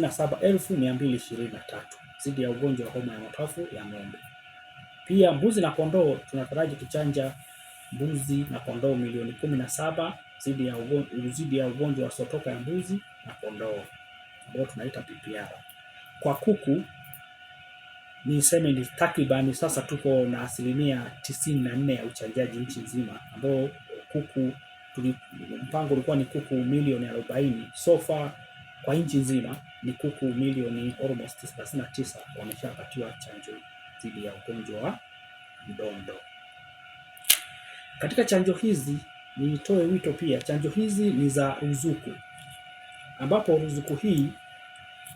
57223 dhidi ya ugonjwa wa homa ya mapafu ya ng'ombe. Pia mbuzi na kondoo tunataraji kuchanja mbuzi na kondoo milioni 17 na dhidi ya ugonjwa, dhidi ya ugonjwa wa sotoka ya mbuzi na kondoo ambao tunaita PPR. Kwa kuku niseme ni takribani sasa tuko na asilimia tisini na nne ya uchanjaji nchi nzima, ambao kuku tuli, mpango ulikuwa ni kuku milioni arobaini sofa kwa nchi nzima ni kuku milioni almost 99 wameshapatiwa chanjo dhidi ya ugonjwa wa mdondo. Katika chanjo hizi nitoe wito pia, chanjo hizi ni za ruzuku, ambapo ruzuku hii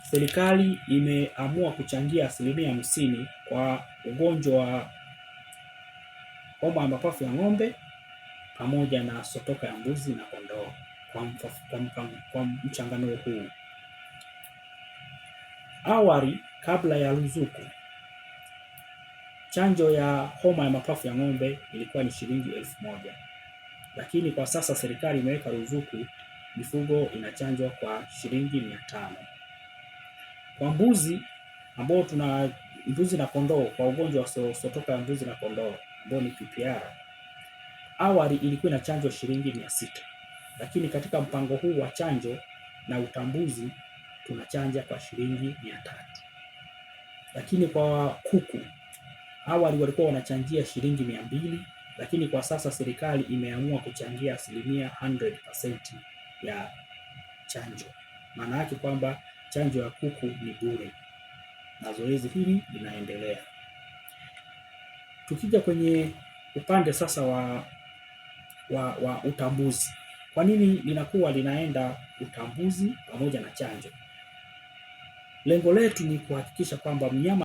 serikali imeamua kuchangia asilimia hamsini kwa ugonjwa wa homa ya mapafu ya ng'ombe pamoja na sotoka ya mbuzi na kondoo kwa mchangano huu. Awali, kabla ya ruzuku, chanjo ya homa ya mapafu ya ng'ombe ilikuwa ni shilingi elfu moja lakini kwa sasa serikali imeweka ruzuku, mifugo inachanjwa kwa shilingi mia tano kwa mbuzi ambao tuna mbuzi na kondoo kwa ugonjwa wasiotoka mbuzi na kondoo ambao ni PPR, awali ilikuwa inachanjwa shilingi mia sita lakini katika mpango huu wa chanjo na utambuzi tunachanja kwa shilingi mia tatu. Lakini kwa kuku awali walikuwa wanachanjia shilingi mia mbili, lakini kwa sasa serikali imeamua kuchangia asilimia 100% ya chanjo. Maana yake kwamba chanjo ya kuku ni bure na zoezi hili linaendelea. Tukija kwenye upande sasa wa, wa, wa utambuzi kwa nini linakuwa linaenda utambuzi pamoja na chanjo? Lengo letu ni kuhakikisha kwamba mnyama